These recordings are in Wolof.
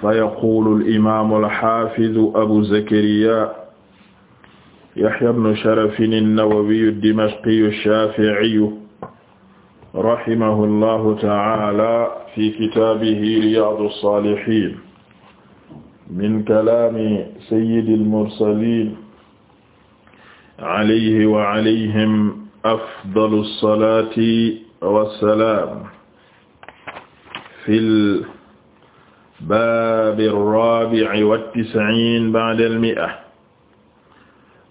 fa yaqulu al-imaamu al-haafidu abu zakariyaa yahyaa ibnu sharafin an-nawawiyu ad-dimashqiyu ash-shaafi'iyu rahimahu llahu ta'aala fi kitaabihi riyaadu as-saalihiin min kalaami sayyidi al-mursaliin alayhi wa alayhim afdalu as-salaati was-salaam fil baabi raabi'i wat-tis'iin ba'da al-mi'a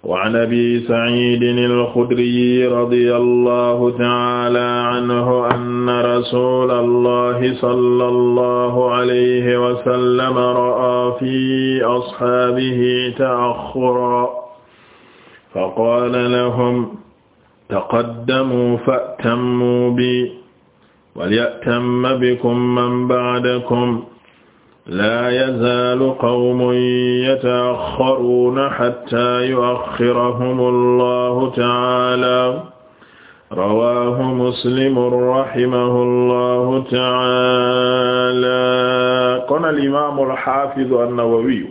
wa 'an abii sa'iidin al-khudriyyi radiyallaahu ta'aalaa 'anhu anna rasuulallaahi sallallaahu 'alayhi wa sallam ra'aa fii ashaabihi ta'axxuran faqaala lahum taqaddamuu fa'tammuu bii walya'tamma bikum man ba'dakum laa yazaalu qawmun yata'axxaruuna xattaa yu'axxirahum allahu ta'aala rawaahu muslimun rahimahu allahu ta'aala kon al imaamu al xaafidu an-nawawiyu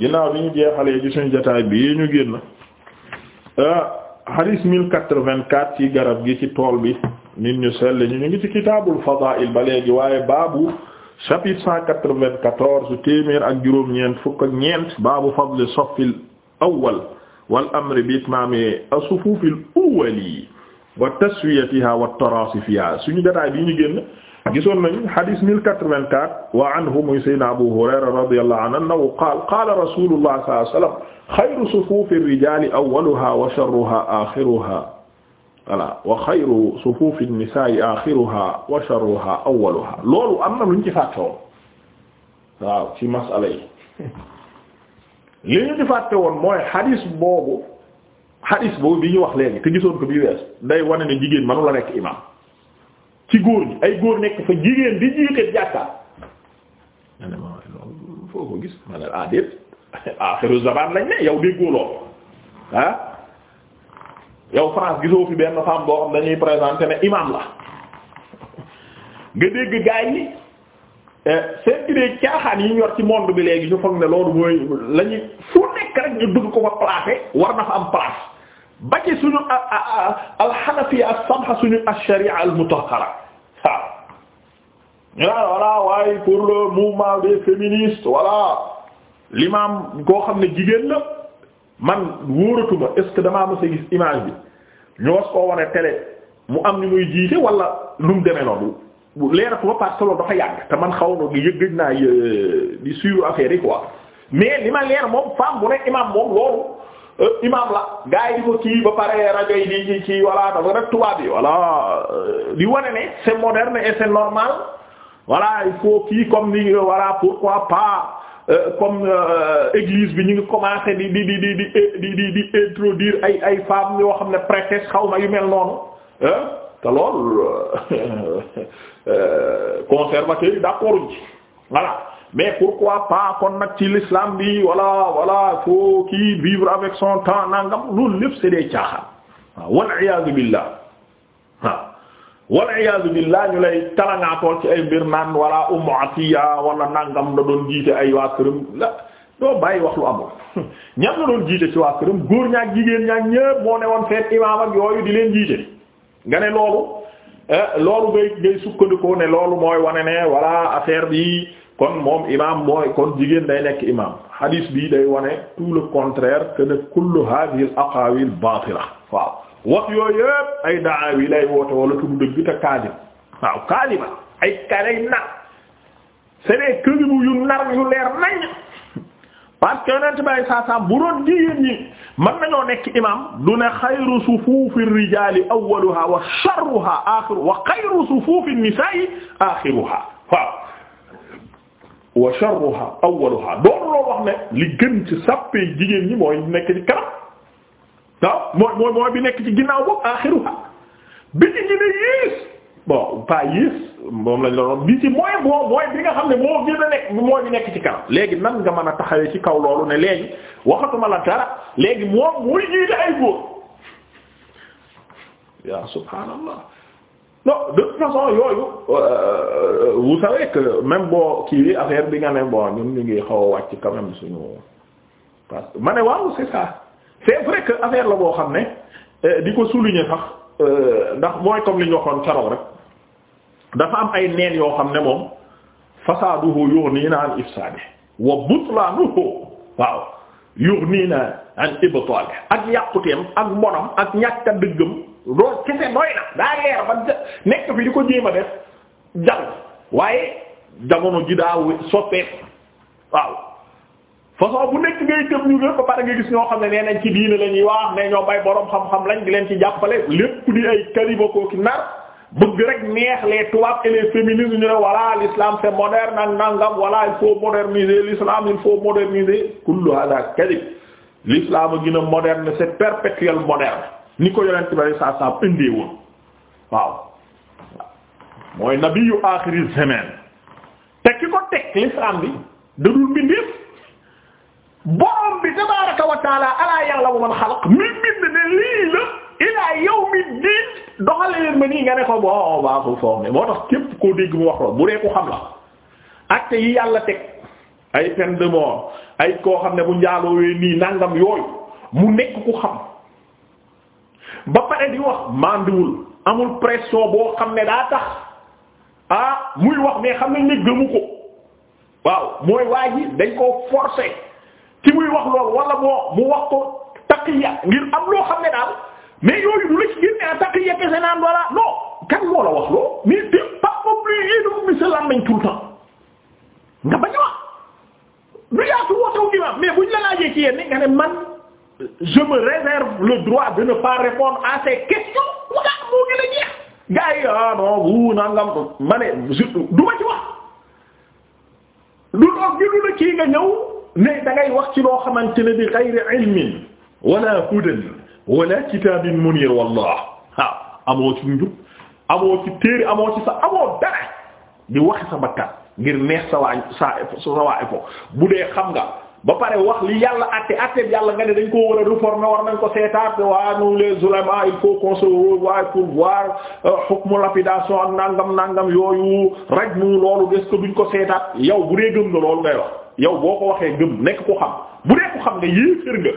ginnaaw bi ñu jeexalee ci suñu jotaay bii ñu génn hadis 1084 ci garab gi ci tool bi nit ñu sell ñu ngi ci kitaabul fadaa'il ba léegi waaye baabu chapitre cent quatre-vingt-quatorze téeméer ak juróom-ñeent fukk ak ñeent baabu fadli safil awwal wal amri bi itmaami as-sufufil awwali wa taswiyatiha wa taraasi fiha suñu jotaay bi ñu génn gisoon nañu hadith mille quatre-vingt-quatre wa anhu muy sayyidina Abu Hurayra radiyallahu anhu annahu qaala qaala rasulullah sallallahu alayhi wa sallam xayru sufufir rijaali awwaluha wa sharruha axiruha voilà wa xayru sufuufi nisaa'i axiruha wa sharruha loolu am na lu ñu ci fàtte woon waaw ci masala yi li ñu ci fàtte woon mooy xadis boobu xadis boobu bi ñu wax léegi te gisoon ko bii wees day wane ne jigéen mënu la nekk imaam ci góor ñi ay góor nekk fa jigéen di jiite jàkka ma ne ko gis ma ne ah zaman lañ ne yow déggoo loolu ah yow France gisoo fi benn femme boo xam dañuy la nga dégg gaa yi eh, seen idée ñu yor ci monde bi léegi ñu foog mooy la ñuy fu nekk rek ñu dugg ko fa placer war na fa am place ba samha suñu ash-sharia al-mutahhara waaw ñu naan pour le mouvement des féministes voilà l'imam koo xam ne jigéen la man wóoratuma est-ce que damaa mës a gis image bi ñu was koo wane mu am ñu muy jiite wala nu mu demee noonu leeratuma parce dafa yàgg te man xaw na yëggëj naa euh, di suivre affaire yi quoi mais li ma leer moom femme bu nekk imam moom loolu euh, imam la gars di ko kii ba pare rajo yi di ci ci voilà dafa rek tubaab yi voilà euh, di wane ne c'est moderne et c'est normal voilà il faut kii comme ni voilà pourquoi pas Euh, comme euh, église bi ñu ngi commencé di di di di di di di introduire ay ay femmes yoo xam ne prêtresses xaw ma yu mel noonu te lool euh, conservateurs yi d'accorduñ ci mais pourquoi pas kon nag ci l'islam bi walla voilà faut kii vivre avec son temps nangam loolu lépp c'est des waaw wal iyaazu billah waaw wal iyaazu billaah ñu lay talangaatool ci ay mbir naan wala ummu atiya wala nangam la doon jiite ay waa këram la doo bàyyi wax lu amul ñam la doon jiite ci waa këram góor ñaak jigéen ñaak ñépp moo ne woon feet imaam ak yooyu di leen jiite nga ne loolu eh, loolu ngay ngay sukkandikoo ne loolu mooy wane ne wala affaire bi kon moom imaam mooy kon jigéen day nekk imaam hadis bi day wane tout le contraire que ne kullu hadhihi al aqawil waaw wax yooyu yëpp ay daawi lay woote wala tudd dëgg te kaadib waaw kaadiba ay kaalay nar c'est des yu nar yu leer nañ parce que yonent bay saa saa bu doon jigéen ñi mën nañoo nekk imam du ne xayru sufuufi rijaali awwaluha wa sharruha aaxiru wa xayru sufuufi nisaa'i aaxiruha wa sharruha awwaluha doon loo wax li gën ci jigéen ñi mooy nekk ci waaw mooy mooy mooy bi nekk ci ginnaaw boobu axiruha bi ci gën a yées bon pas moom lañ la bi ci mooy boo mooy bi nga xam ne moo gën a nekk ci kanam léegi nan nga mën a taxawee ci kaw loolu ne léegi waxatuma la dara léegi moom muy jiite ay góor yaa subhaanallah non de façon yooyu euh, euh, vous savez que même boo kii affaire bi nga ne bon ñun ñu ngi xaw a wàcc quand suñu parce ma ne waaw c'est ça c'est vrai que affaire la boo xam ne euh, di ko souligner sax euh, ndax mooy comme li ñu waxoon keroog rek dafa am ay neen yoo xam ne moom fasaaduhu yughnina an ifsaadi wa butlaanuhu waaw yughnina an ibtaali ak yàquteem ak mbonam ak ñàkk dëggam loolu kese doy na daa leer ba nekk fi di ko jéem def jal waaye jamono ji daa soppeeku waaw façon bu nekk ngay jëm ñu ba pare nga gis ñoo xam ne nee nañ ci diine la ñuy wax ñoo bay borom xam-xam lañ di leen ci jàppale lépp di ay kaliba ko ki nar bëgg rek neex les tubaab et les féministes ñu ne voilà l'islam c'est moderne ak nangam voilà il faut moderniser l'islam il faut moderniser kullu hada kadib l'islam gën a moderne c'est perpétuel ni ko yonent bi saa saa indee waaw mooy nabiyu aaxiri zaman te ki ko teg l'islam bi da borom bi tabaaraka wa taala alaa ya'lamu man xalaq mi bind ne lii la ilaa yawmi diin doxale leen ma nii nga ne ko bo baa ko foog moo tax képp koo dégg mu wax loolu bu dee ko xam la acte yi yàlla teg ay peine de mort ay koo xam ne bu njaaloowee nii nangam yooyu mu nekk ku xam ba pare di wax mandiwul amul pression boo xam ne daa tax ah muy wax mais xam nañ ne gëmu ko waaw mooy waa ji dañ koo forcer ci muy wax loolu wala moo mu wax ko taqiya ngir am loo xam ne yooyu du la kii ah nga ñëw. ne da ngay wax ci loo xamante ne bi ghayri ilmin wala hudan wala kitabin munir wallah waaw amoo ci njub amoo ci téere amoo ci sa amoo dara di waxi sa bakkat ngir neex sa waa sa sa bu dee xam nga ba pare wax li yàlla àtte ate yàlla nga ne dañ koo war a réformer war nañ ko seetaat waa nous les ulama il faut qu'on se revoie pour voir euh, hukmu lapidation ak nangam nangam yooyu raj mu loolu est-ce duñ ko seetaat yow bu dee gëm na loolu ngay wax. yow boo ko waxee gëm nekk ko xam bu dee ko xam nga yéefér nga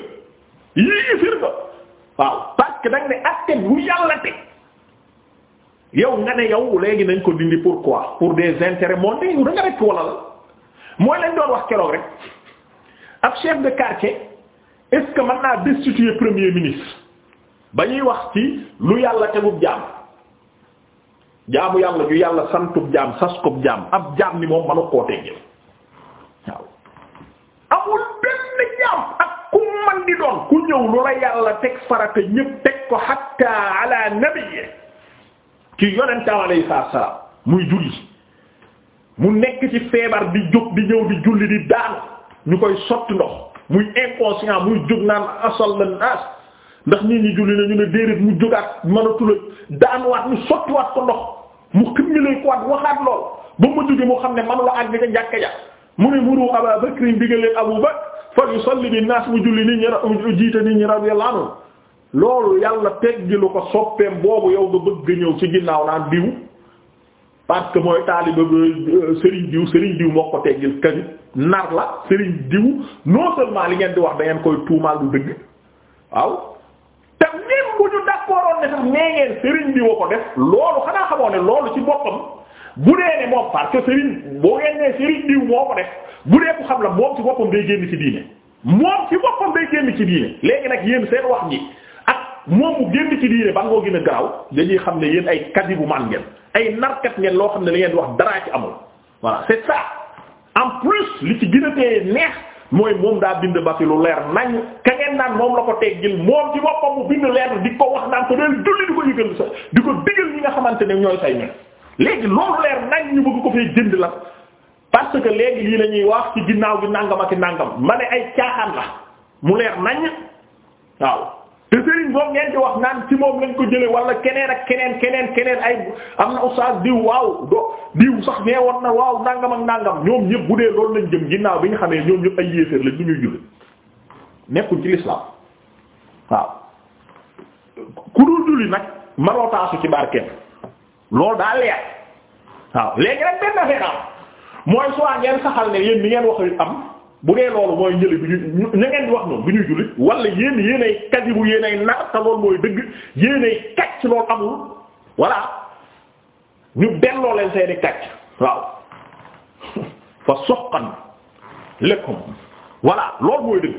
yéefér nga waaw parce que da nga ne acte bu yàlla teg yow nga ne yow léegi nañ ko dindi quoi pour des intérêts moo yow da nga rek wala la mooy lañ doon wax keroog rek ab chef de quartier est que mën naa destituer premier ministre ba ñuy wax ci lu yàlla tegub jaam jaamu yàlla ju yàlla santub jaam saskub jaam ab jaam ni moom manu koo teggeel am ak ku man di doon ku ñëw lu la yàlla teg farata ñëpp teg ko hatta ala nabiyyi ci yonentam alayhi salaam muy julli mu nekk ci feebar di jóg di ñëw di julli di daanu ñu koy sotti ndox muy inconscient muy jóg naan asal la naas ndax nit ñi julli na ñu ne déedéet mu jógaat mënatula daanuwaat ñu sottiwaat ko ndox mu xim ñu lay ko waxaat lool ba mu jóge mu xam ne man la àgg ca jàkka ja mu ne muru Abaa Bakrin Abu Bakr fal yusalli bi naas mu julli nit ñi mu jiite nit ñi radiyallahu anhu loolu yàlla teggilu ko soppeem boobu yow nga bëgg ñëw ci ginnaaw naan diw parce que mooy taaliba euh, Serigne diw Serigne diw moo ko teggil kër nar la Serigne diw non seulement li ngeen di wax dangeen ngeen koy tuumaal du dëgg waaw te même ñu d'accordoon ne sax nee ngeen Serigne diw ko def loolu xanaa xamoo ne loolu ci boppam bu dee ne moom parce que boo ngeen nee Serigne diw moo ko def. bu dee ku xam la moom ci boppam day génn ci diine moom ci boppam day ci diine léegi nag yéen seen wax ji ak moom mu génn ci diine ba ngoo gën a garaaw dañuy xam ne yéen ay kadibu man ngeen ay narkat ngeen loo xam ne li ngeen wax daraa ci amul voilà c'est ça en plus li ci gën a tee neex mooy moom daa bind ba fi lu leer nañ ka ngeen naan moom la ko teggil moom ci boppam mu bind leer di ko wax naan ko deel julli di ko yëgal di ko digal ñi nga xamante ne ñooy say ñun léegi loolu leer nañ ñu bëgg ko jënd la parce que léegi lii la wax ci ginnaaw gi nangam ak nangam ma ne ay caaxaan la mu leer naññ waaw te Serigne boobu ngeen wax naan ci moom lañ ko jëlee wala keneen ak keneen keneen keneen ay am na oustaz diw waaw do diw sax nee woon na waaw nangam ak nangam ñoom ñëpp bu dee loolu lañ jëm ginnaaw bi ñu xamee ñoom ñëpp ay yéeféer lañ du ñuy jullit nekkul ci l'islam waaw ku dul julli nag manoo taasu ci barkeem loolu daa leer waaw léegi nag benn affaire am mooy soit ngeen saxal ne yéen li ngeen wax am bu dee loolu mooy njëli bi ñu ñu ngeen di wax noonu bi ñuy jullit wala yéen yéenay kadibu yéenay nar te loolu mooy dëgg yéenay kàcc loolu amul voilà ñu delloo leen seeni kàcc waaw fa soqan lakum voilà loolu mooy dëgg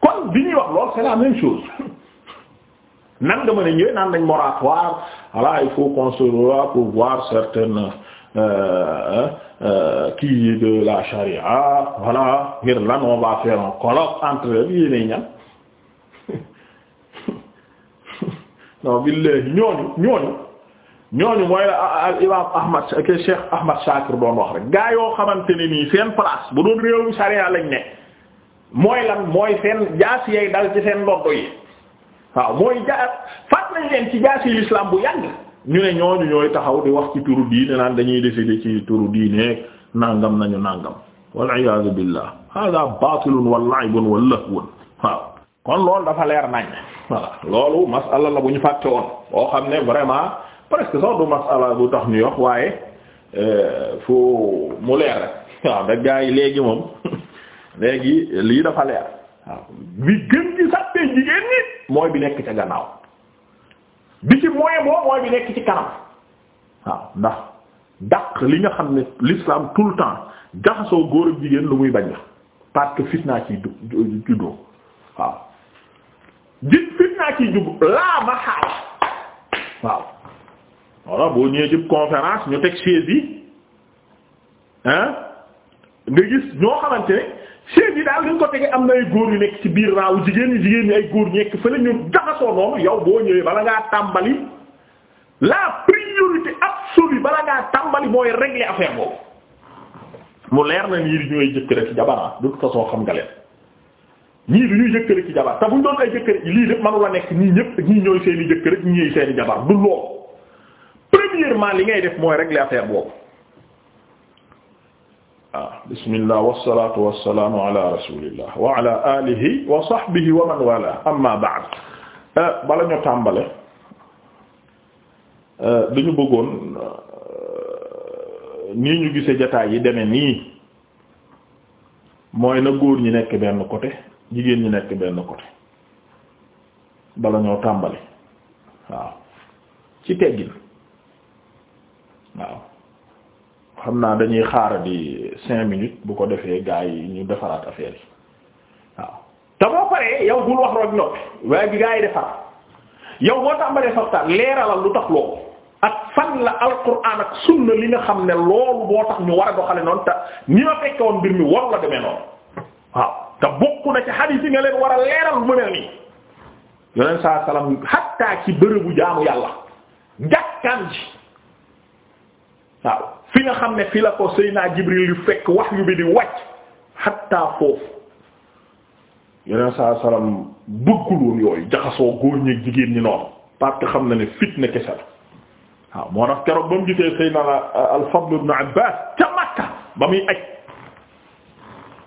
kon bi ñuy wax loolu c'est la même chose nan nga mën a ñëwee naan nañ moratoire voilà il faut construire pour voir certaines kii euh, euh, euh, de la charia voilà ngir lan on va faire un colloque entre yéenay ñan non billahi ñooñu ñooñu ñooñu mooy al imam Ahmad ke Ahmad Shakir doon wax rek gaa yoo xamante ne nii seen place bu doon réewum charia lañ ne mooy lan mooy seen jaas yay dal ci seen ndodd yi waaw mooy jaas faat nañ leen ci jaas yi l'islam bu yàgg ñu ne ñooñu ñooy taxaw di wax ci turu diine naan dañuy décider ci turu diine nangam nañu nàngam nangam wal iyaadu billah hada baatilun wa laybun wa lahwun waaw kon loolu dafa leer nañ voilà loolu masala la bu ñu fàtte woon boo xam ne vraiment presque sax du masala bu tax ñu wax waaye euh, fu mu leer rek waaw da gaa yi léegi moom léegi lii dafa leer waaw bi gën ci sax jigéen ñi mooy bi nekk ca gannaaw bi ci moyen boo mooy bi nekk ci kanam waaw ndax dàq li nga xam ne lislaam tout le temps jaxasoo góor ak jigéen lu muy bañ la parce que fitna ci juddoo waaw jit fitna ci jub laa ma xaal waaw voilà boo ñëwee jub conférence ñu teg chaise yi hein nga gis ñoo xamante ne seen yi daal li ñu ko tege am na ay góor yu nekk ci biir raawu jigéen ñi jigéen ñi ay góor ñekk fële ñu jaxasoo noonu yow boo ñëwee bala ngaa tàmbali la priorité absolue bala ngaa tàmbali mooy régler affaire boobu mu leer na ñii di ñooy jëkkër ci jabar ah, de toute façon xam nga leen ñii du ñuy jëkkër ci jabar te bu ñu doon ay jëkkër lii lépp mënu nekk ñii ñëpp ñii ñooy seen i jëkkër ñii ñooy seen i jabar du loolu premièrement li ngay def mooy régler affaire boobu. waaw ah, bismillah wassalatu wassalamu ala rasulillah wa ala alihi wa sahbihi wa man wala amma ba'd eh, bala ñu tàmbale eh, dañu bëggoon eh, nii ñu gisee jataay yi deme nii mooy na góor ñi nekk benn côté jigéen ñi nekk benn côté bala ñoo tàmbali waaw ci teggin waaw xam naa dañuy xaar di cinq minutes bu ko defee gaa yi ñu defaraat affaire waaw te boo paree yow bul wax rek noppi waaye bi gars yi defar yow boo tàmbalee soxtaan leeralal lu tax loolu ak fan la alquran ak sunna li nga xam ne loolu boo tax ñu war a doxale noonu te ñi ma fekke woon mbir mi war la demee noonu waaw te bokk na ci hadith nga leen war a leeral lu mel nii yoneen saa salaam hatta ci bërëbu jaamu yàlla jàkkaan ji waaw fi nga xam ne fi la ko Seydina Jibril yu fekk wahyu bi di wàcc hatta foofu yeneen saa jigéen ñi noonu parce xam na ne la waaw moo tax keroog ba mu gisee Seydina ca Makka ba muy aj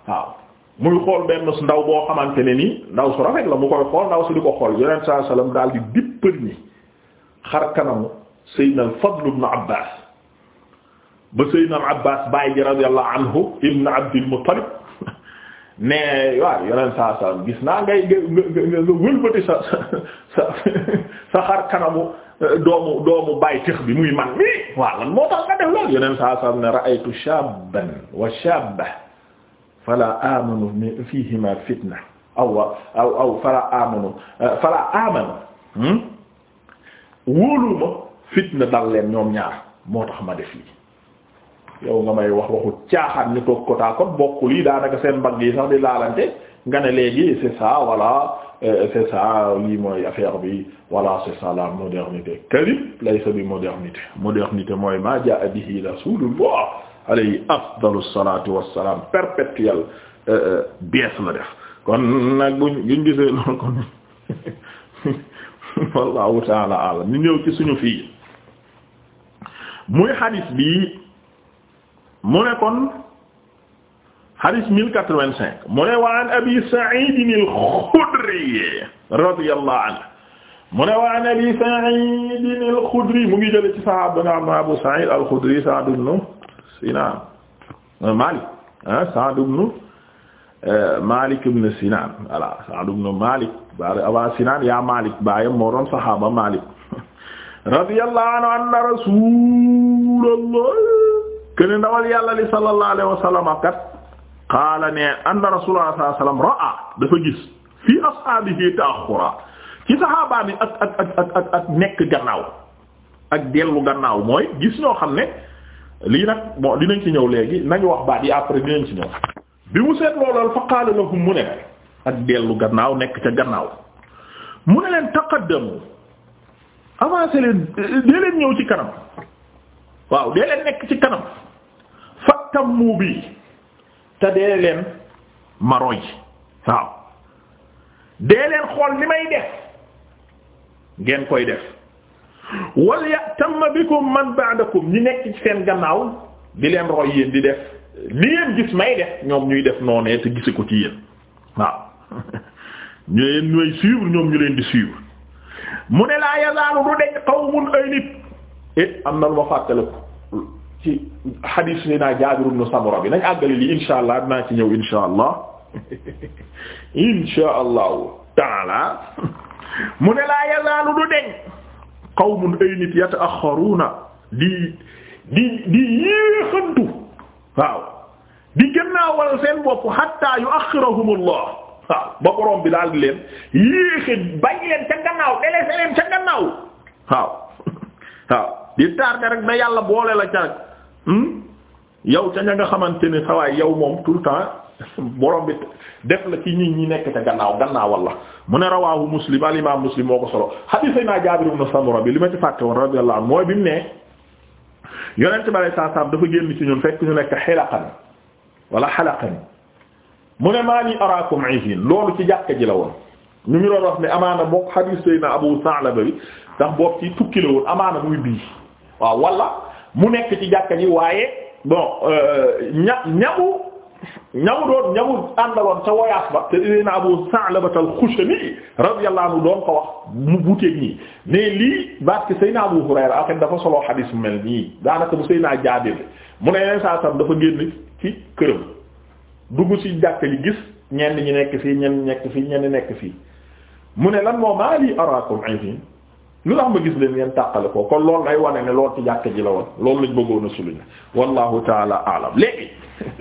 waaw muy xool benn su ndaw boo xamante ne ni ndaw su rafet la mu koy xool ndaw su di ko xool yeneen saa salaam daal di dippër ñi xar kanamu Seydina al-Fadl ibn ba Seydina Abbas baay ji radiyallahu anhu ibn Abdil Muttalib ne waaw yeneen saa saa gis naa ngay nga nga nga wëlbati sa sa sa xar kanamu eh, doomu doomu baay tëx bi muy man mii waaw lan moo tax nga def lool yeneen saa saa ne ra'aytu shabban wa shabba fala amanu fihima fitna aw aw aw fala amanu eh, fala amanu hmm? wóoluma fitna dal leen ñoom ñaar moo tax ma def lii yow nga may wax waxu caaxaan ñu toog côté bokk lii daanaka seen mbagg yi sax di laalante nga ne léegi c'est ça voilà euh, c'est ça lii mooy affaire bi voilà c'est ça la modernité kadib laysa bi modernité modernité mooy ma jaa bihi rasulullah alayhi afdalu salatu wassalam perpétuel euh, euh, bees la def kon nag buñ buñ gisee loolu kon wallahu taala alam ñu ñëw ci suñu fii muy hadith bi mu ne kon hadith mille quatre-vingt-cinq mu ne wa an abi sa'id al-khudri radiyallahu anhu mu ne wa an abi sa'id al-khudri mu ngi jële ci sahaaba na am abu sa'id al-khudri sa'd ibn sinan euh, malik ah sa'd ibn euh, malik ibn sinan voilà sa'd ibn malik bare aba sinan yaa malik baayam moo doon sahaaba malik radiyallahu anhu anna rasulullah kene ndawal yàlla li sallallahu alayhi wa sallam kat qaala ne anna rasulullah sallallahu alayhi wa sallam ra'a dafa gis fii ashaabihi ci saxaabaa bi ak ak ak ak nekk gannaaw ak dellu gannaaw mooy gis ñoo xam ne lii nag bon dinañ ci ñëw léegi nañu wax baat yi après dinañ ci ñëw bi mu seet loolal fa qaala lahum mu ne ak dellu gannaaw nekk ca gannaaw mu ne leen taqaddamu avancé leen dee leen ñëw ci kanam waaw dee leen nekk ci kanam mu bi te dee leen ma roy waaw dee leen xool li may def ngeen koy def wal ya'tam bikum man ba'dakum ñi nekk ci seen gannaaw di leen roy yéen di def li leen gis may def ñoom ñuy def noonee te gise ko ci yéen waaw ñu leen ñooy suivre ñoom ñu leen di suivre mu ne laa yazaalu du deñ qawmun ay nit it am na lu ma fàttaliku ci hadith ni naa Jaabir ibn Samura bi nañ àggali li insha allah dinaa ci ñëw insha allah insha allahu taala mu ne laa yazaalu du deñ qawmun ay nit yata'axxaruuna di di di yéexantu waaw di gannaawal seen bopp hatta yu'axxirahumullah ba borom bi daal di leen yéexe bañ leen ca gannaaw délaissé leen ca gannaaw di tardé rek na yàlla boole la ca Hmm? yow ca ña nga xamante ne sawaay yow moom tout le temps borom bi def la ci nit ñi nekk ca gannaaw gannaawal la mu ne rawaahu muslim al imam muslim moo ko solo hadith sayna Jaabir ibn Samura bi li ma ci fàtte woon radiyallahu anhu mooy bi mu ne yonent bale saa saam dafa génn ci ñun fekk ñu nekk xilaqan wala xalaqan mu ne maa ni araakum izin loolu ci jàkka ji la woon ñu ngi doon wax ne amaana bokk hadith sayna Abu Sa'laba bi ndax boobu ci tukki la woon mu nekk ci jàkka ji waaye bon euh, ña ñamu ñamu doon ñamu àndaloon sa voyage ba te dina Abu Sa'laba al-Khushani radiyallahu anhu doon ko wax mu buuteeg nii mais lii parce que Seydina Abu Hurayra en dafa solo xadiis mel nii daanaka bu Seydina Jaabir mu ne yeneen saa sam dafa génn ci këram dugg ci jàkka ji gis ñenn ñi nekk fii ñenn ñi nekk fii ñenn nekk fii mu ne lan moo maa lii araakum lu tax ma gis leen ngeen tàqale ko kon loolu day wane ne lool ci jàkk ji la woon loolu lañ bëggoon a souligner wallahu taala alam léegi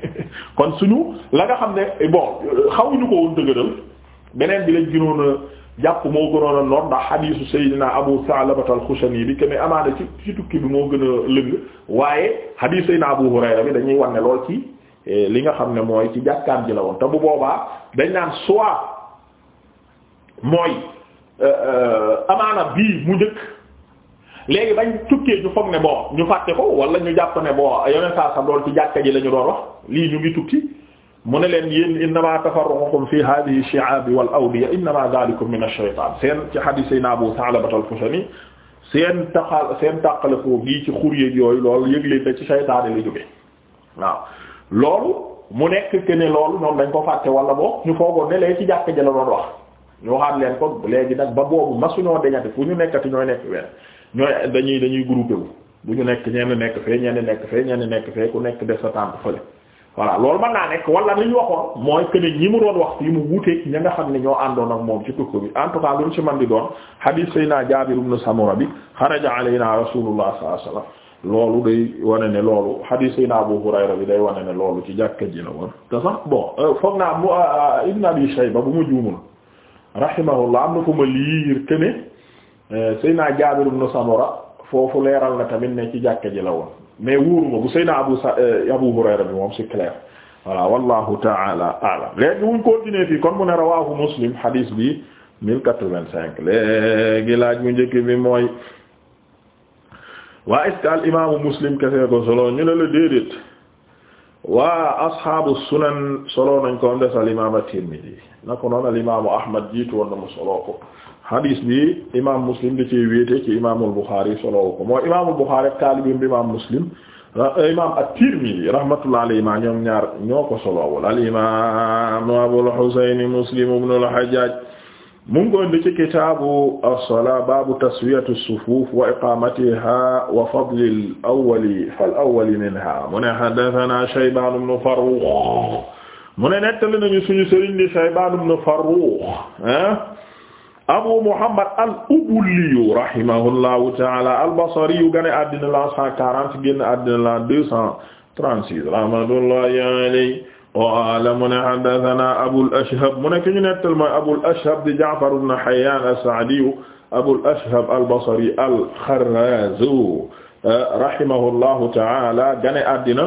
kon suñu la nga xam ne bon xawuñu ko woon dëgëral beneen bi lañ gënoon a jàpp moo gënoon a noor ndax xadiisu Seydina Abu Sa'labata al-Xushani bi kenn amaana ci ci tukki bi moo gën a lëng waaye xadiisu Seydina Abu Hurayra bi dañuy wane lool ci eh, li nga xam ne mooy ci jàkkaam ji la woon te bu boobaa dañ naan soit mooy. Euh, euh, amaana bii mu njëkk léegi bañ tukkee ñu foog ne boo ñu fàtte ko wala ñu jàpp ne boo yeneen saa sa dool ci jàkka ji la ñu wax lii ñu ngi tukki mu ne leen yéen innama tafarruqukum fi hadhihi shi'ab wal awdiya innama dhalikum min ash-shaytan seen ci hadith sayna Abu Tha'laba al-Kushani seen taxal seen tàqale foofu gii ci xur yeeg yooyu lool yëgle na ci seytaane la jóge waaw loolu mu nekk que loolu noonu dañ ko fàtte wala boo ñu foogoon ne lay ci jàkka ji la ñu waxaat leen ko léegi nag ba boobu masuñoo deñati fu ñu nekkati ñooy nekk wenn ñooy dañuy dañuy groupé wu bu ñu nekk ñenn nekk fee ñenn nekk fee ñenn nekk fee ku nekk def sa tànk fële voilà loolu mën naa nekk wala li ñu waxoon mooy que ne ñi mu doon wax yi mu wuteeg ña nga xam ne ñoo àndoon ak moom ci tukku bi en tout cas lu ci man di doon hadith sayna Jaabir ibn Samura bi xaraja alayna rasulullah sallallahu alayhi wasallam loolu day wane ne loolu hadith sayna Abu Hurayra bi day wane ne loolu ci jàkka ji la woon te sax bon euh, foog naa mu euh, Ibn Abi Shayba bu mu juumul rahimahullah am na fu ma liir que ne euh, Seyna Jaabir ibn Samura foofu leeral na tamit ne ci jàkka ji la woon mais wóoruma bu Seyna Abu Sa euh, Abu Hurayra bi moom c'est clair voilà wallahu taala alam léegi wuñ continuer fii kon mu ne rawahu Muslim hadis bi 1085 léegi laaj mu njëkk bi mooy waa est-ce al imaamu Muslim kese ko solo ñu ne la déedéet waa asxaabu sunan solo nañ ko des al imaam at-Tirmidhi na ko noon al imaamu Ahmad jiitu woon na mu solo ko hadis bi imaam Muslim da cee wéete ci imaamul Bukhari solo ko moo imaamul Bukhari taalibeem bi imaam Muslim imaam at-Tirmidhi rahmatullahi alayhi ma ñoom ñaar ñoo ko solo wal al imaam Abul Muslim ibn al-Hajjaj mu ngi koy ci kitaabu as-salaa baabu taswiyati as-sufuuf wa iqaamatihaa wa fadli al-awwali fal-awwali minhaa mu ne haddathanaa Shaybaan ibn Farruukh mu ne nettali nañu suñu sëriñ di Shaybaan ibn Farruukh ah, Abu Muhammad al-Ubuliyyu rahimahullahu ta'aala al-Basriyyu gane àddina la 140 génn àddina la 236 rahmatullahi alayhi qaala mu ne haddasanaa Abul Ashhab mu ne ki ne nettal mooy Abul Ashhab di Ja'far ibn Hayyan as-Sa'di Abul Ashhab al-Basri al-Kharraz rahimahullahu ta'ala gane àddina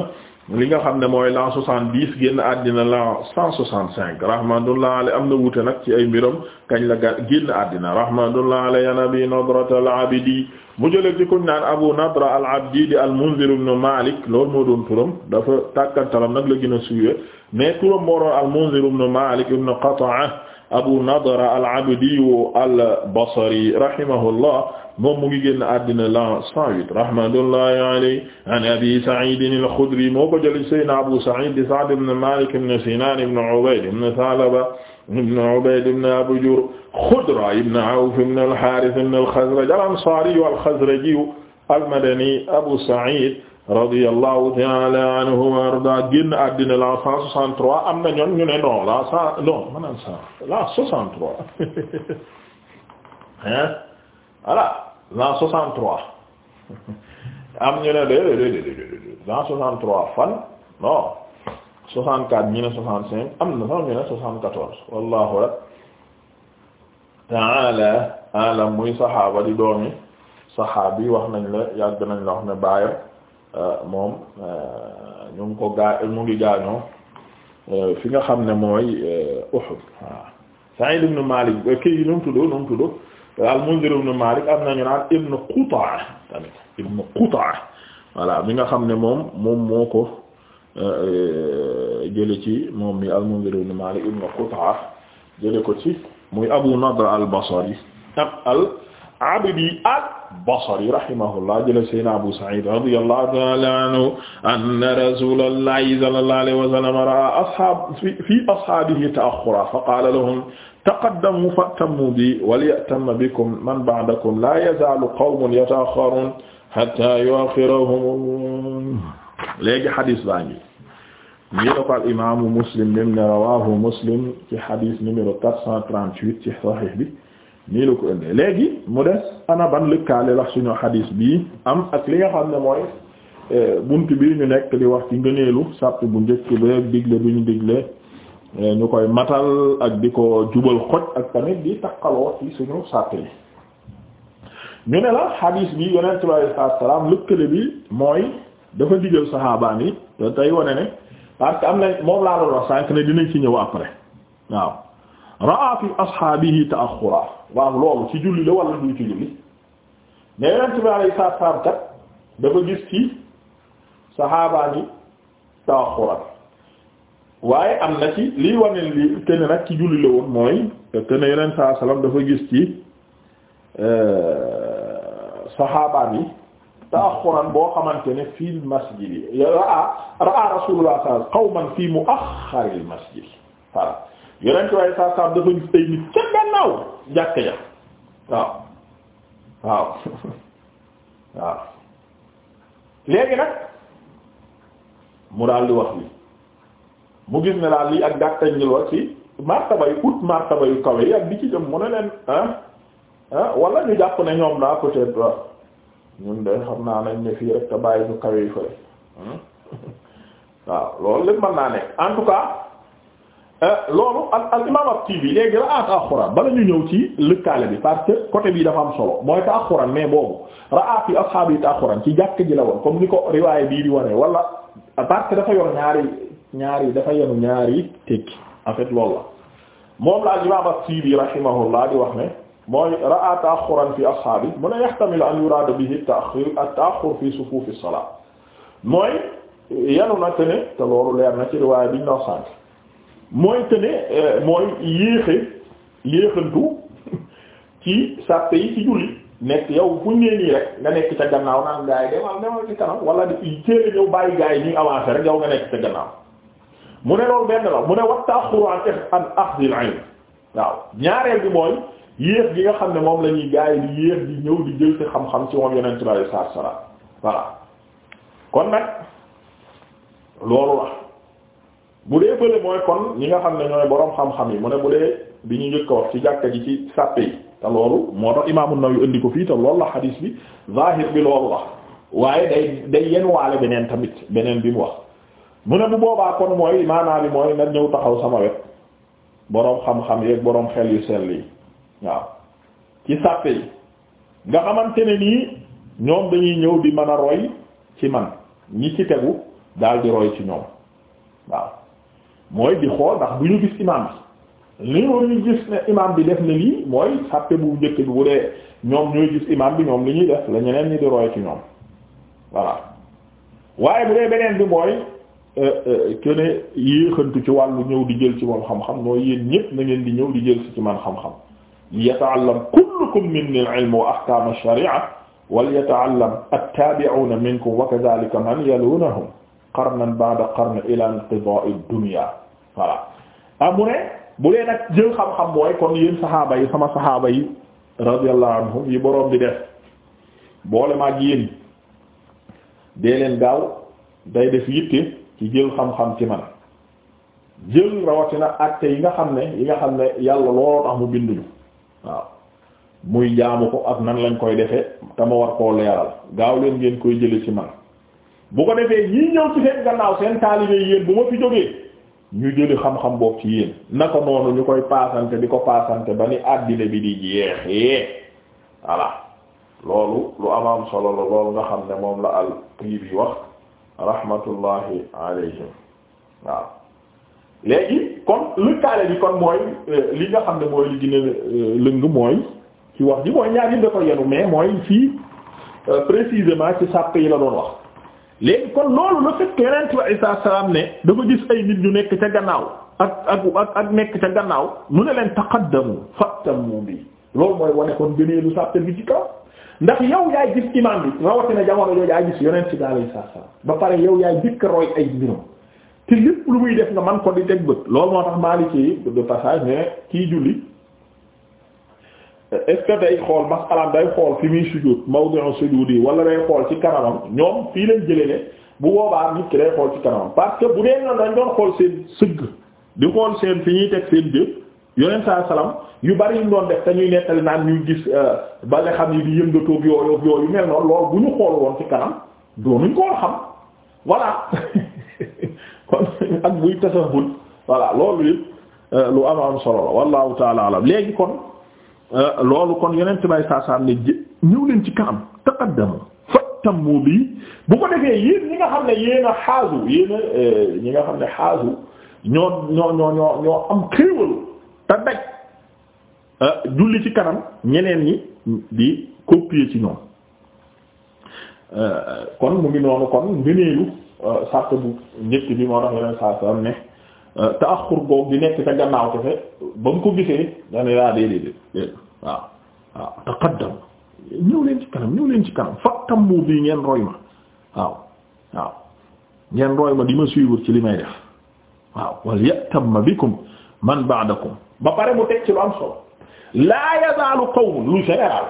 li nga xam ne mooy l'an soixante-dix génn àddina l'an cent soixante-cinq rahmatullah alayhi am na wuute nag ci ay mbiram kañ la génn àddina rahmatullah alayhi an Abi Nadra al-Abdi mu jële ci kuñ naan Abu Nadra al-Abdi al-Munzir ibn Malik loolu moo doon dafa tàkkantalam nag la gën a suwe mais turam moo doon al-Munzir ibn Malik ibn Qata'a Abu Nadra al-Abdi al-Basri rahimahullah moom mu ngi génn àddina l'an 108 rahmatullahi alayhi an Abi Sa'id al-Khudri moo ko jël Sayyidina Abu Sa'id di Sa'd ibn Malik ibn Sinan ibn Ubayd ibn Thalaba ibn Ubayd ibn Abujur Khudra ibn Awf ibn al-Harith ibn al-Khazraj al-Ansari wal-Khazraji al-Madani Abu Sa'id radiyallahu ta'ala anhu wa arda génn àddina la 163 am na ñoon ñu ne non la cent non maanaam cent la 63 hein voilà la 63 am ñu ne de la 63 fan non 64 ñu ne 65 am na sax ñu ne 74 wallahu ta'ala alam muy saxaaba di doomi saxaabi wax nañ la yàgg nañ la wax ne baayam Euh, moom euh, ñu ngi ko gaañoo euh, fi nga xam ne mooy Uhud waaw Sa'id ibn Malik kii al-Munzir ibn Malik am nañu naan ibn Qutaa tamit Qutaa voilà mi nga xam ne moom moom moo ko jële ci moom mi al-Munzir ibn Malik ibn Qutaa jële ko ci muy Abu Nadr al-Basri al-Abdi ak al-Basri rahimahullah jële Seydina Abu Sa'id radiyallahu ta'ala anhu anna rasulallahi sallallahu alayhi wa sallam ra'a ashab fi ashabihi ta'akhkhura fa qala lahum taqaddamu fa'tammu bi wa liya'tamma bikum man ba'dakum la yazalu qawmun yata'akhkharun hatta yu'akhirahum léegi xadis baa ngi ñi la ko al imaamu Muslim mim ne rawahu Muslim ci xadis numéro 438 ci Sahih bi nii la ko ëndee léegi mu des ana ban lëkkaale lax suñu xadiis bii am ak li nga xam ne mooy eh, bunt bi ñu nekk di wax ci ngëneelu bu njëkk ba digle bi ñu digle eh, ñu matal ak di ko jubal xoj ak tamit di takkaloo ci ne la xadiis bi yonent bi alayhi salaam bi mooy dafa digal saxaabaan yi te tey na moom laa doon wax sànq ne dinañ ci ñëw après waaw raa fi ashaabihi ta'axxura waaw loolu ci julli la wala du ci julli mais yonent bi alayhi salaatu dafa gis ci saxaabaa yi ta'axxura waaye am na ci lii wane li kenn nag ci julli la woon mooy kenn yonent saa salaam dafa gis ci euh, saxaabaa yi ta'axxuran boo xamante ne fil masjid raa raa rasuulullah sallallahu alayhi wa sallam masjid voilà. yonent waaye saa saam dafa gis ay nit ca gannaaw jàkk ja waaw waaw waaw léegi nag mu daal di wax li mu gis ne daal lii ak gàttañ ñu wax ci martaba yu ut martaba yu kawe yi ak bi ci jëm mu ne leen ah ah wala ñu jàpp ne ñoom daa peut-être waaw ñun de xam naa nañ ne fii rek te bàyyi ñu kawe yi fële hmm? waaw loolu lépp mën naa ne en tout cas. Euh, loolu al al imaam at-Tiibi léegi la raa axura bala ñu ñëw ci lëkkaale bi parce que côté bi dafa am solo mooy taaxuran mais boobu raa fi ashaabi taaxuran ci jàkk ji la woon comme ni ko riwaay bii di wane wala parce dafa yor ñaari ñaari dafa yenu ñaari tekki en fait loolu la moom la al imaam at-Tiibi rahimahullah di wax ne mooy raa taaxuran fi ashaabi mu ne yaxtamilu an yuraada bihi taaxir at-taaxur fi sufuufi as-salaa mooy yenu na te ne te loolu leer na ci riwaay bi ñu doon mooy te ne euh, mooy yéexe yéexantu ci sàppe yi ci julli nekk yow buñ nee nii rek nga nekk ca gannaaw naan gaa yi demal demal ci wala di téere ñëw yi ñuy avancer rek yow nga nekk ca gannaaw mu ne loolu benn la mu ne wa ta'khuru an an akhdhi al-'ilm waaw ñaareel bi mooy yéex gi nga xam ne moom la ñuy gaa yi yéex di ñëw di jël ci xam-xam ci moom yonent bi sallallahu alayhi wasallam voilà kon nag loolu la bu dee bële mooy kon ñi nga xam ne ñooy boroom xam-xam yi mu ne bu dee bi ñu njëkk a wax ci jàkka ji ci sàppe yi te loolu moo tax imaamu Nawawi indi ko fii te loolu la xadiis bi zahir bi loolu la waaye day day yen waale beneen tamit beneen bi mu wax mu ne bu boobaa kon mooy maanaa bi mooy nag ñëw taxaw sama wet boroom xam-xam yeeg boroom xel yu sell yi waaw ci sàppe yi nga xamante ne nii ñoom dañuy ñëw di mën a roy ci man ñi ci tegu daal di roy ci ñoom mooy di xool ndax bu ñu gis imaam bi li ñu gis ne imaam bi def na lii mooy sàppe bu njëkk bi bu dee ñoom ñooy gis imaam bi ñoom li ñuy def la ñeneen ñi di roy ci ñoom voilà waaye bu dee beneen bi mooy kene euh, euh, yéexantu ci wàllu ñëw di jël ci moom xam-xam mooy yéen ñépp na ngeen di ñëw di jël ci man xam-xam yata'allam kullukum minni al-ilm wa ahkam ash-shari'a wal yata'allam at-tabi'una minkum wa kadhalika man yalunahum qarnan ba'da qarn ila inqida'i ad-dunya voilà ah mu ne bu dee nag jël xam-xam mooy kon yéen saxaaba yi sama saxaaba yi radiyallahu anhum yi boroom bi def boole ma ak yéen dee leen gaaw day def yitte ci jël xam-xam ci man jël rawatina acte yi nga xam ne yi nga xam ne yàlla looloo tax mu binduñu waaw muy jaamu ko ak nan lañ koy defee te ma war koo leeral gaaw leen ngeen koy jële ci man bu ko defee ñii ñëw ci seen gannaaw seen taalibe yéen bu ma fi jógee ñu jëli xam-xam boobu ci yéen naka noonu ñu koy paasante di ko paasante ba ni àddina bi di jeex yee loolu lu amaam solo la loolu nga xam ne moom la al prix bi wax rahmatullahi alayhim waaw léegi kon lëkkaale bi kon mooy euh, li nga xam ne mooy lu gën euh, lëng mooy ci wax ji mooy ñaar yi da ko yenu mais mooy fii euh, précisément ci sàpp yi la doon wax léegi kon loolu la fekk yonent bi isa salaam ne dafa gis ay nit ñu nekk ca gannaaw ak ak ak ak nekk ca gannaaw mu ne leen taqaddamu fattamu bi loolu mooy wane kon gëneelu sàppel bi ci kaw ndax yow yaay gis imaam bi rawatina jamono yooyu yaay gis yonent bi alayhi salaam ba pare yow yaay jëkk roy ay mbiram te lépp lu muy def nga man ko di teg bët loolu moo tax Maliki de passage ne kii julli est xool masalaam day xool fi muy sujud mawdi'u sujudi wala day xool ci kanamam ñoom fii leen jëlee ne bu boobaa nit ki day xool ci kanamam parce que bu dee noonu dañ doon xool seen sëgg di xool seen fi ñuy teg seen jëf yonent saa salaam yu bari ñu doon def te ñuy nettali naan ñuy gis euh, ba nga xam ni di yëngatoog yooyu yooyu mel noonu loolu bu ñu xool woon ci kanam doonuñ koo xam voilà kon ak buy tasawut voilà loolu it euh, lu am solo la wallahu taala Euh, loolu kon yonent bay saasaam ne ñëw leen ci kanam taqaddamu fattammu bi bu ko defee yéen ñi nga xam ne yéen a xaasu yéen a euh, ñi nga xam ne xaasu ñoo ñoo ñoo ñoo am xéewalu te daj euh, julli ci kanam ñeneen ñi di copier ci ñoom kon mu ngi noonu kon ngëneelu sàrt bu njëkk bi moo tax yeneen saasaam ne Euh, taaxur googu di nekk ca gannaaw te ba mu ko gisee da ne daa ah, déedéet déedéet waaw waaw taqaddam ñëw leen ci kanam ñëw leen ci kanam faktammu bi ngeen roy ma waaw waaw ngeen roy ma di ma suivre ci li may def waaw wal yatamma bikum man ba'dakum ba pare mu teg ci lu am solo laa yazaalu qawmun lu général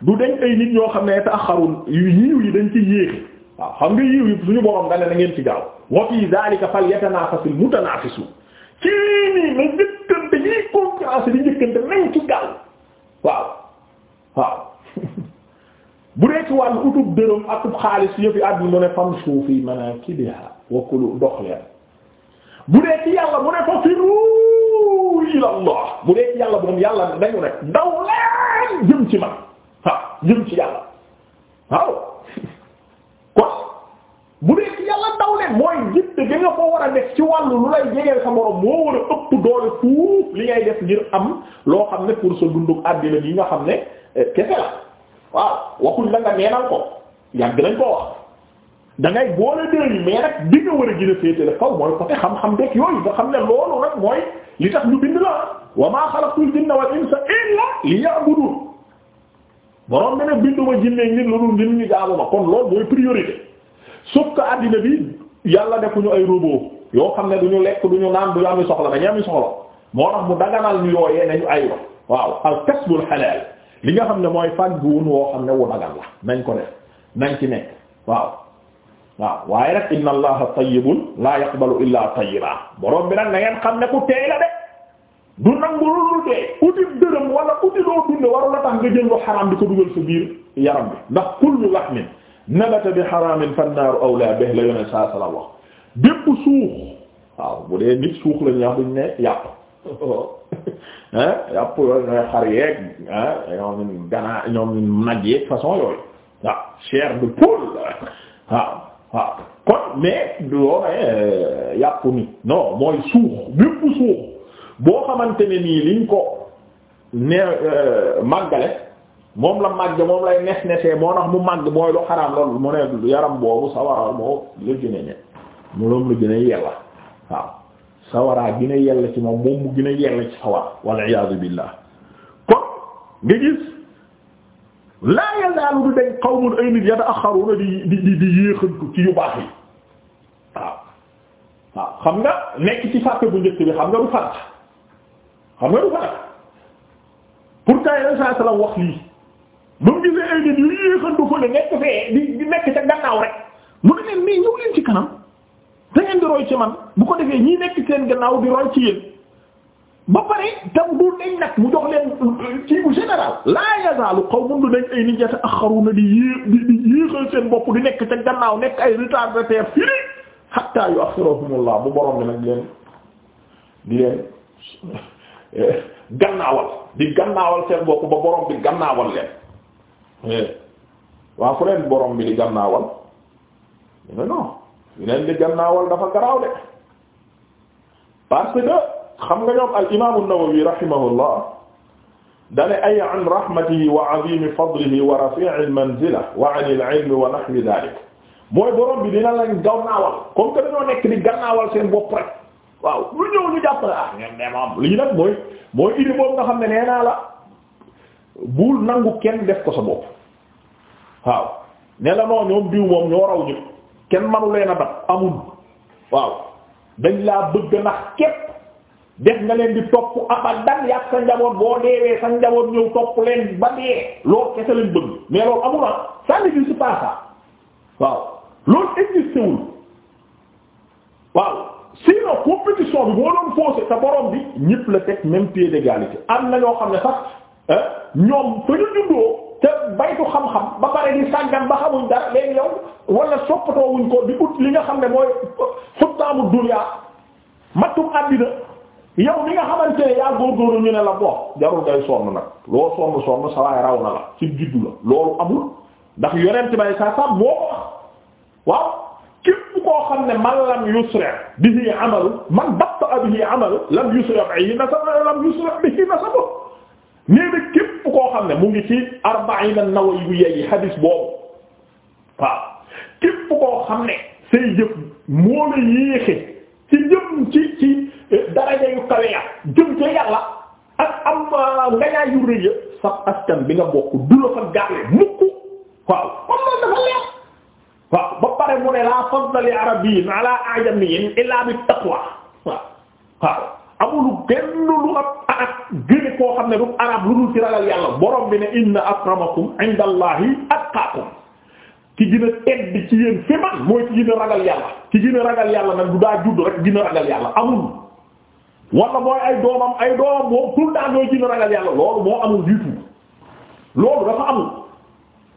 du dañ ay nit ñoo xam ne taaxarun yu yiw yi dañ ci yéexe waaw xam nga yiw yi suñu borom da ne na ngeen ci gaaw. wa fi dhalika falyatanafasil mutanafisun ci nii na njëkkante ñiy concurrence di njëkkante nañ ci gaaw waaw waaw bu dee ci wàllu utub dërëm akub xaalis yëfi àdduna mu ne famshu fi manakibiha wa kulu dox leen bu dee ci yàlla mu ne fa firu ila Allah bu dee ci yàlla moom yàlla dañu ne daw leen jëm ci man waaw jëm ci yàlla waaw bu dee yàlla daw leen mooy jitte gi nga koo war a def ci wàllu lu lay jegeel sa borom moo war a ëpp doole fuuf li ngay def ngir am loo xam ne pour sa dunduk àddina gi nga xam ne eh, kese la waaw waxuñ la nga ko yàgg dañ koo wax da ngay boole déer yi bi nga war a gën a féetale kaw mooy côté xam-xam dëkk yooyu nga xam ne loolu rek mooy li tax ñu bind la wa maa xalaqtul jinna wal insa illa liya'budun borom bi ne binduma jinne dul ngir ñu jaamu ma kon sauf que àddina bi yàlla defuñu ay robot yoo xam ne du ñu lekk du ñu naan du ñu ami soxla dañu ami soxla moo tax mu daganal ñu yooyee nañu aywa waaw al kasbul halal li nga xam ne mooy fàgg wun woo xam ne wu dagan la nañ ko def nañ ci nekk waaw waaw waaye nag inna allaha tayyibun la yaqbalu illa tayyiba borom bi nag na ngeen xam ne ku teey la de du nangu lu dul dee uti dërëm wala uti doo dund warula tax nga jël lu xaram di ko dugal sa biir yaram bi ndax kullu lahmin nabata bi xaraamin fannaaru awlaa bih la yoneen saa wax bépp suux waaw bu dee nit suux la ñu wax ne yàpp yàpp yooyu ñooy xar yeeg ñoom ñun ganaa ñoom ñun nag yeeg façon yooyu waaw chair de poule waaw waaw kon mais du euh, yàpp nit non mooy suux bépp suux boo xamante nii liñ ko ne euh, màggale moom la màgg moom lay nes nesee moo tax mu màgg mooy lu xaraam loolu mu yaram boobu sawaraa moo la gën a ne moom la gën a yella waaw sawaraa gën a yella ci moom moom mu gën a yella ci sawara wal iyaadu billah kon nga gis laa yazaalu du dañ qawmun ay nit yata'axxaruuna di di di yéexantu ci yu baax yi waaw waaw xam nga nekk ci fàtte bu njëkk bi xam nga du farat xam nga du farat pourtant yeneen saa salaam wax lii ba mu gisee ay nit yu yéexandu fële nekk fee di nekk ca gannaaw rek mu ne leen mais ñëw leen ci kanam da ngeen di roy ci man bu ko defee ñi nekk seen gannaaw di roy ci yéen ba pare tam du dañ nag mu jox leen ci bu général laa yazaalu qawmun du dañ ay nit yata'axxaruuna di yéex di yéexal seen bopp di nekk ca gannaaw nekk ay retardataire firi hatta yu'axxiruhumullah bu borom bi nag di leen gannaawal di gannaawal seen bopp ba borom bi gannaawal leen. waa fu leen borom bi di gannaawal ñu ne non ñu leen di gannaawal dafa garaaw de parce que xam nga ñoom al imam an-Nawawi rahimahullah dane ay an rahmatihi wa azimi fadlihi wa rafi'il manzila wa 'anil 'ilmi wa nahwi dhalik bi dina lañ gannaawal nekk di gannaawal seen bopp rek waaw lu ñëw ñu jàpp ah ñoom lii nag mooy mooy idée boobu nga xam bul nangu kenn def ko sa bopp waaw ne la non ñoom diw moom ñoo raw ñu kenn manu leen a dab amul waaw dañ laa bëgg nax képp def nga leen di topp abadan yàq sa njaboot boo deewee sa njaboot ñëw topp leen ba dee loolu kese leen bëgg mais loolu amul ah ça n'existe pas ça waaw loolu existe wul waaw sinon compétition bi boo doon faussé te borom bi ñëpp la teg même pied d'égalité am na ñoo xam ne sax. Ah, ñoom fa ñu juddoo te baytu xam-xam ba pare di sàggan ba xamuñ dara léegi yow wala soppatoo wuñ ko di ut li nga xam ne mooy xuttaamu duniyaa mattum àddina yaw li nga xamante ne yaa góorgóorlu ñu ne la boo jarul ngay sonn nag loo sonn sonn sa waay raw na la ci juddu la loolu amul ndax yonent bay saa saa boo ko wax waaw képp koo xam ne man lam yusra bihi amal man batta bihi amal lam yusra bihi nasab lam yusra bihi nasab nee na képp koo xam ne mu ngi ci arba'ina Nawawi yi hadis boobu waaw ko xam ne say jëf moo la yéexe ci ci ci daraja yu kawe ya jëm ca yàlla ak am ah, ngañaay yu askan bi nga bokk du la fa gaale mukk waaw kon loolu dafa leer waaw ba la fadla li arabiyyin ala ajamiyyin illa bit taqwa waaw amul benn lu ab arab gëne koo xam ne du arab lu dul ci ragal yàlla borom bi ne inna akramakum inda allahi atqaakum ki gën a tedd ci yéen fi man mooy ki gën a ragal yàlla ki gën a ragal yàlla a ragal yàlla amul wala mooy ay doomam ay doomam moom tout daa ñooy gën ragal yàlla loolu moo amul du tout loolu dafa amul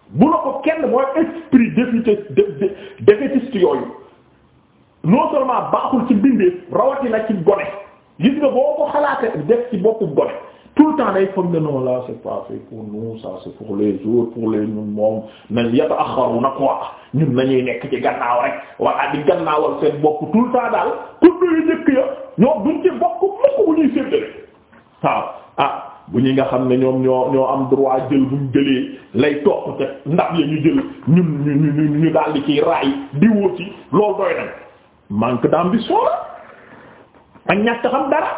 bu la ko kenn mooy esprit défi défaitiste yooyu non seulement baaxul ci bindeef rawatina ci gone gis nga boo ko xalaatee def ci boppu gone tout le temps day foog ne non là c'est pas pour nous ça c'est pour les autres pour les ñun moom nañ yata axaru na quoi ñun nañuy nekk ci gannaaw rek wala di gannaawal seen bopp tout temps daal kudd yu njëkk ya ñoom duñ ci bokk mukk bu ñuy séddale waaw ah bu ñi nga xam ne ñoom ñoo ñoo am droit jël buñ jëlee lay topp te ndab ya ñu jël ñun ñu ñu ñu daal di ciy raay di woo ci loolu doy nañ manque d'ambition la ak ñàkk xam dara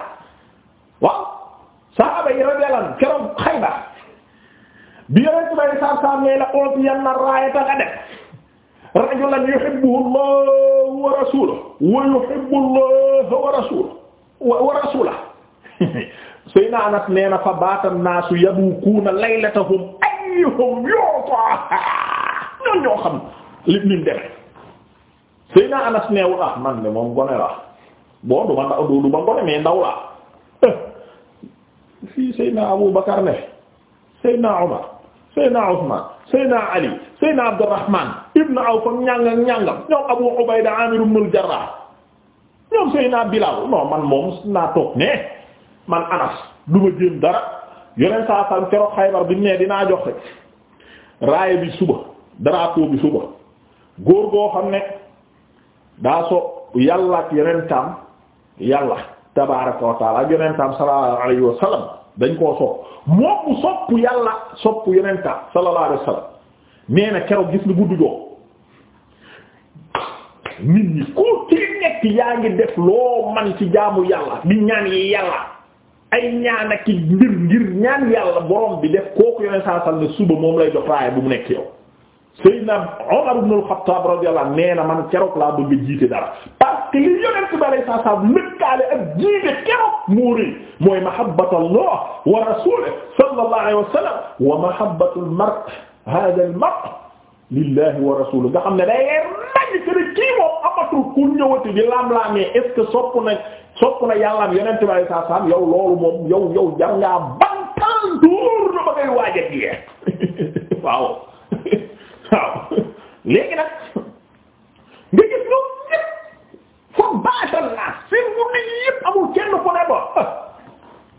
waaw sahaaba yi radiyallahu anhu keroog Xaybar bi yonent bi sallallahu alayhi wa sallam ne la uutiyanna raayata nga def rajulan yuhibbuhu Allahu wa rasuluhu wa yuhibbu Allahu wa rasuluhu wa rasuluhu Sayyidina Anas nee na fa baata naasu yabukuuna laylatahum ayyuhum yu'ta ñoo xam li mu demee Sayyidina Anas neewul ah man de moom gone la boo du ma ndaw du ma gone mais ndaw laa fii Seydina Abu Bakar ne Seydina Omar Seydina Ousmane Seydina Ali Seydina Abu Ubayda Amir ibn al-Jarrah ñoom Seydina Bilal non man moom naa toog ne man Anas du ma jéem dara yeneen saa san keroog Xaybar bi ne dinaa joxe raaya bi suba drapeau bi suba góor goo xam ne daa so yàlla yeneen tam yàlla tabaaraka wa taala ak yonentam sallallahu alayhi wa sallam dañ koo sopp moom mu yàlla sopp yonentam sallallahu alayhi wa na keroog gis lu gudd joo nit ñi ku ci nekk yaa ngi def loo man ci jaamu yàlla di ñaan yi yàlla ay ñaan ak ngir ngir ñaan yàlla borom bi def kooku yonent sallallahu alayhi suba moom lay jox raaya bu mu nekk yow Seydina Omar ibn al-Khattab radiyallahu na man keroog laa bëgg jiite dara parce que li yonent bi alayhi salaam lëkkaale ak jiite keroog muuri mooy mahabbatu Allah wa rasulihi sallallahu alayhi wa sallam wa mahabbatu al-mar'i hadha al xam ne day nañ que ne kii moom amatul lam-laamee est-ce que na sopp na yàlla yonent bi alayhi salaam yow loolu moom yow yow jar ngaa ban temps dóor ba ngay waaj a waaw. waaw léegi nag nga gis ñoom ñëpp foog baatal naa seen mu ne yëpp amul kenn ku ne ba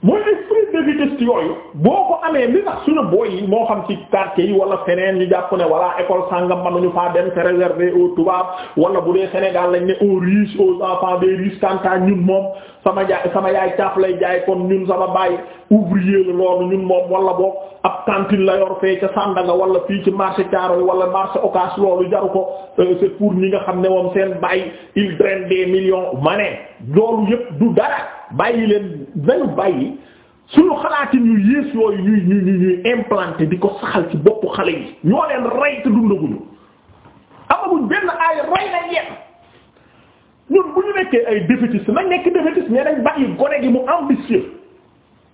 mooy esprit de vitesse yooyu boo ko amee li tax suñu booy yi moo xam ci quartier yi wala feneen ñu jàpp ne wala école sàngam mënuñu faa dem c'est réservé aux tubaab wala bu dee Sénégal lañ ne aux riches aux enfants des riches quant à ñun moom sama jaay sama yaay caaf lay jaay kon ñun sama baay ouvrier la loolu ñun moom wala boog ab cantine la yor fee ca Sandaga wala fii ci marché Thiaroye wala marché Ocass loolu jaru ko euh, c'est pour ñi nga xam ne moom seen baay il draine des millions ma ne loolu yëpp du dara bàyyi leen nañu bàyyi suñu xalaatin yu yées yooyu ñuy ñuy ñuy di ko saxal ci boppu xale yi ñoo leen rey te dundaguñu amaguñ benn ay rey nañ yéen. ñun bu ñu nekkee ay défaitistes nañ nekk défaitistes mais dañ bàyyi gone gi mu ambitieux